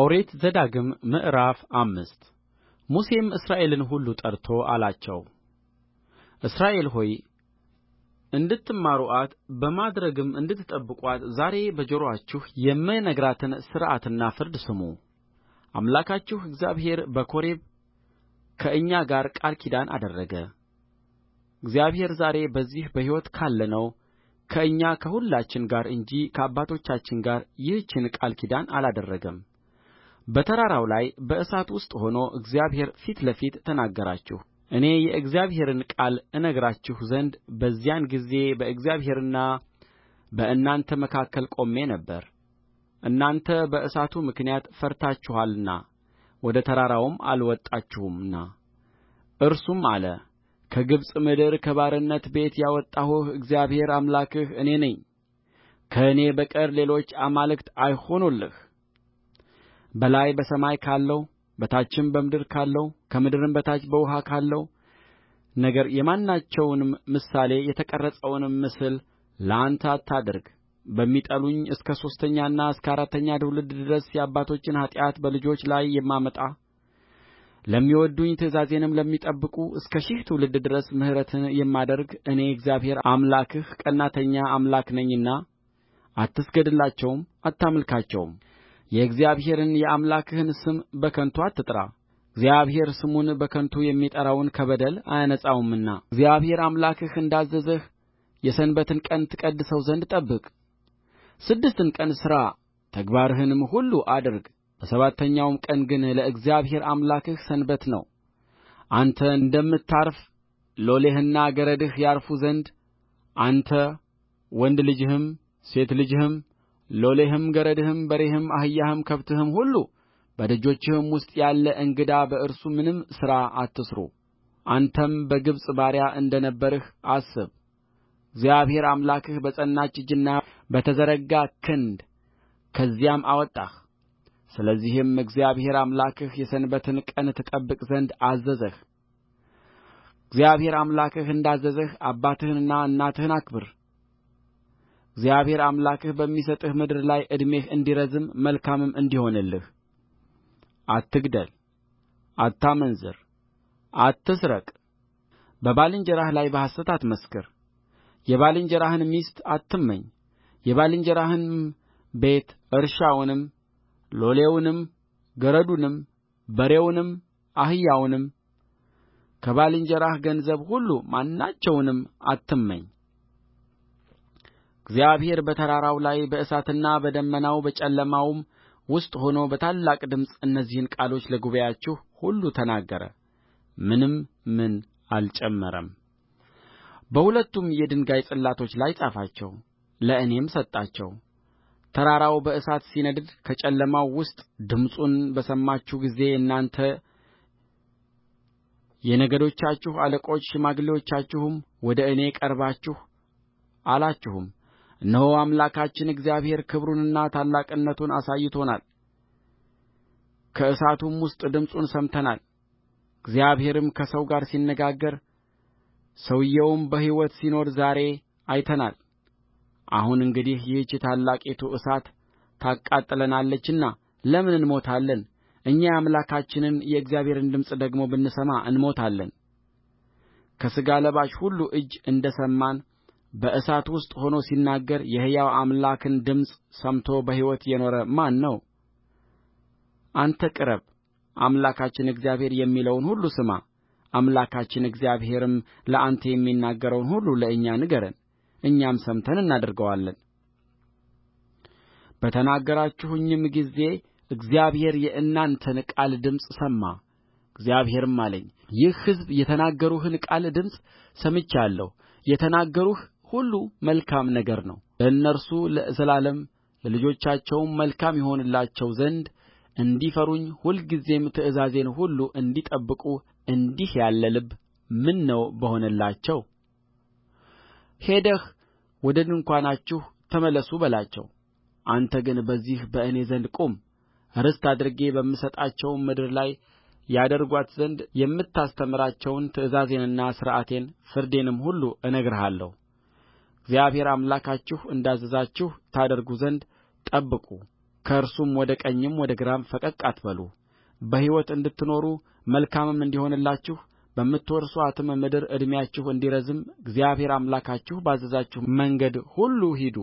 ኦሪት ዘዳግም ምዕራፍ አምስት ሙሴም እስራኤልን ሁሉ ጠርቶ አላቸው እስራኤል ሆይ እንድትማሩአት በማድረግም እንድትጠብቁአት ዛሬ በጆሮአችሁ የምነግራትን ሥርዓትና ፍርድ ስሙ! አምላካችሁ እግዚአብሔር በኮሬብ ከእኛ ጋር ቃል ኪዳን አደረገ። እግዚአብሔር ዛሬ በዚህ በሕይወት ካለነው ከእኛ ከሁላችን ጋር እንጂ ከአባቶቻችን ጋር ይህችን ቃል ኪዳን አላደረገም። በተራራው ላይ በእሳት ውስጥ ሆኖ እግዚአብሔር ፊት ለፊት ተናገራችሁእኔ የእግዚአብሔርን ቃል እነግራችሁ ዘንድ በዚያን ጊዜ በእግዚአብሔርና በእናንተ መካከል ቆሜ ነበር እናንተ በእሳቱ ምክንያት ፈርታችኋልና ወደ ተራራውም አልወጣችሁምና እርሱም አለ ከግብፅ ምድር ከባርነት ቤት ያወጣሁህ እግዚአብሔር አምላክህ እኔ ነኝ። ከእኔ በቀር ሌሎች አማልክት አይሁኑልህ በላይ በሰማይ ካለው በታችም በምድር ካለው ከምድርም በታች በውኃ ካለው ነገር የማናቸውንም ምሳሌ የተቀረጸውንም ምስል ለአንተ አታድርግ በሚጠሉኝ እስከ ሦስተኛና እስከ አራተኛ ትውልድ ድረስ የአባቶችን ኃጢአት በልጆች ላይ የማመጣ ለሚወድዱኝ ትእዛዜንም ለሚጠብቁ እስከ ሺህ ትውልድ ድረስ ምሕረትን የማደርግ እኔ እግዚአብሔር አምላክህ ቀናተኛ አምላክ ነኝና አትስገድላቸውም አታምልካቸውም የእግዚአብሔርን የአምላክህን ስም በከንቱ አትጥራ እግዚአብሔር ስሙን በከንቱ የሚጠራውን ከበደል አያነጻውምና እግዚአብሔር አምላክህ እንዳዘዘህ የሰንበትን ቀን ትቀድሰው ዘንድ ጠብቅ ስድስትን ቀን ሥራ ተግባርህንም ሁሉ አድርግ በሰባተኛው ቀን ግን ለእግዚአብሔር አምላክህ ሰንበት ነው አንተ እንደምታርፍ ሎሌህና ገረድህ ያርፉ ዘንድ አንተ ወንድ ልጅህም ሴት ልጅህም ሎሌህም ገረድህም በሬህም አህያህም ከብትህም ሁሉ በደጆችህም ውስጥ ያለ እንግዳ በእርሱ ምንም ሥራ አትሥሩ አንተም በግብፅ ባሪያ እንደ ነበርህ እግዚአብሔር አምላክህ በጸናች እጅና በተዘረጋ ክንድ ከዚያም አወጣህ ስለዚህም እግዚአብሔር አምላክህ የሰንበትን ቀን ትጠብቅ ዘንድ አዘዘህ። እግዚአብሔር አምላክህ እንዳዘዘህ አባትህንና እናትህን አክብር እግዚአብሔር አምላክህ በሚሰጥህ ምድር ላይ ዕድሜህ እንዲረዝም መልካምም እንዲሆንልህ አትግደል አታመንዝር አትስረቅ በባልንጀራህ ላይ በሐሰት አትመስክር የባልንጀራህን ሚስት አትመኝ የባልንጀራህንም ቤት እርሻውንም ሎሌውንም ገረዱንም በሬውንም አህያውንም ከባልንጀራህ ገንዘብ ሁሉ ማናቸውንም አትመኝ እግዚአብሔር በተራራው ላይ በእሳትና በደመናው በጨለማውም ውስጥ ሆኖ በታላቅ ድምፅ እነዚህን ቃሎች ለጉባኤአችሁ ሁሉ ተናገረ ምንም ምን አልጨመረም በሁለቱም የድንጋይ ጽላቶች ላይ ጻፋቸው ለእኔም ሰጣቸው። ተራራው በእሳት ሲነድድ ከጨለማው ውስጥ ድምፁን በሰማችሁ ጊዜ እናንተ የነገዶቻችሁ አለቆች ሽማግሌዎቻችሁም ወደ እኔ ቀርባችሁ አላችሁም እነሆ አምላካችን እግዚአብሔር ክብሩንና ታላቅነቱን አሳይቶናል ከእሳቱም ውስጥ ድምፁን ሰምተናል እግዚአብሔርም ከሰው ጋር ሲነጋገር ሰውየውም በሕይወት ሲኖር ዛሬ አይተናል አሁን እንግዲህ ይህች ታላቂቱ እሳት ታቃጥለናለችና ለምን እንሞታለን እኛ የአምላካችንን የእግዚአብሔርን ድምፅ ደግሞ ብንሰማ እንሞታለን ከሥጋ ለባሽ ሁሉ እጅ እንደ ሰማን በእሳት ውስጥ ሆኖ ሲናገር የሕያው አምላክን ድምፅ ሰምቶ በሕይወት የኖረ ማን ነው አንተ ቅረብ አምላካችን እግዚአብሔር የሚለውን ሁሉ ስማ አምላካችን እግዚአብሔርም ለአንተ የሚናገረውን ሁሉ ለእኛ ንገረን እኛም ሰምተን እናደርገዋለን በተናገራችሁኝም ጊዜ እግዚአብሔር የእናንተን ቃል ድምፅ ሰማ እግዚአብሔርም አለኝ ይህ ሕዝብ የተናገሩህን ቃል ድምፅ ሰምቻለሁ የተናገሩህ ሁሉ መልካም ነገር ነው። ለእነርሱ ለዘላለም ለልጆቻቸውም መልካም ይሆንላቸው ዘንድ እንዲፈሩኝ ሁልጊዜም ትእዛዜን ሁሉ እንዲጠብቁ እንዲህ ያለ ልብ ምነው በሆነላቸው ሄደህ ወደ ድንኳናችሁ ተመለሱ በላቸው አንተ ግን በዚህ በእኔ ዘንድ ቁም ርስት አድርጌ በምሰጣቸውም ምድር ላይ ያደርጓት ዘንድ የምታስተምራቸውን ትእዛዜንና ሥርዓቴን ፍርዴንም ሁሉ እነግርሃለሁ እግዚአብሔር አምላካችሁ እንዳዘዛችሁ ታደርጉ ዘንድ ጠብቁ ከእርሱም ወደ ቀኝም ወደ ግራም ፈቀቅ አትበሉ በሕይወት እንድትኖሩ መልካምም እንዲሆንላችሁ በምትወርሱአትም ምድር ዕድሜአችሁ እንዲረዝም እግዚአብሔር አምላካችሁ ባዘዛችሁ መንገድ ሁሉ ሂዱ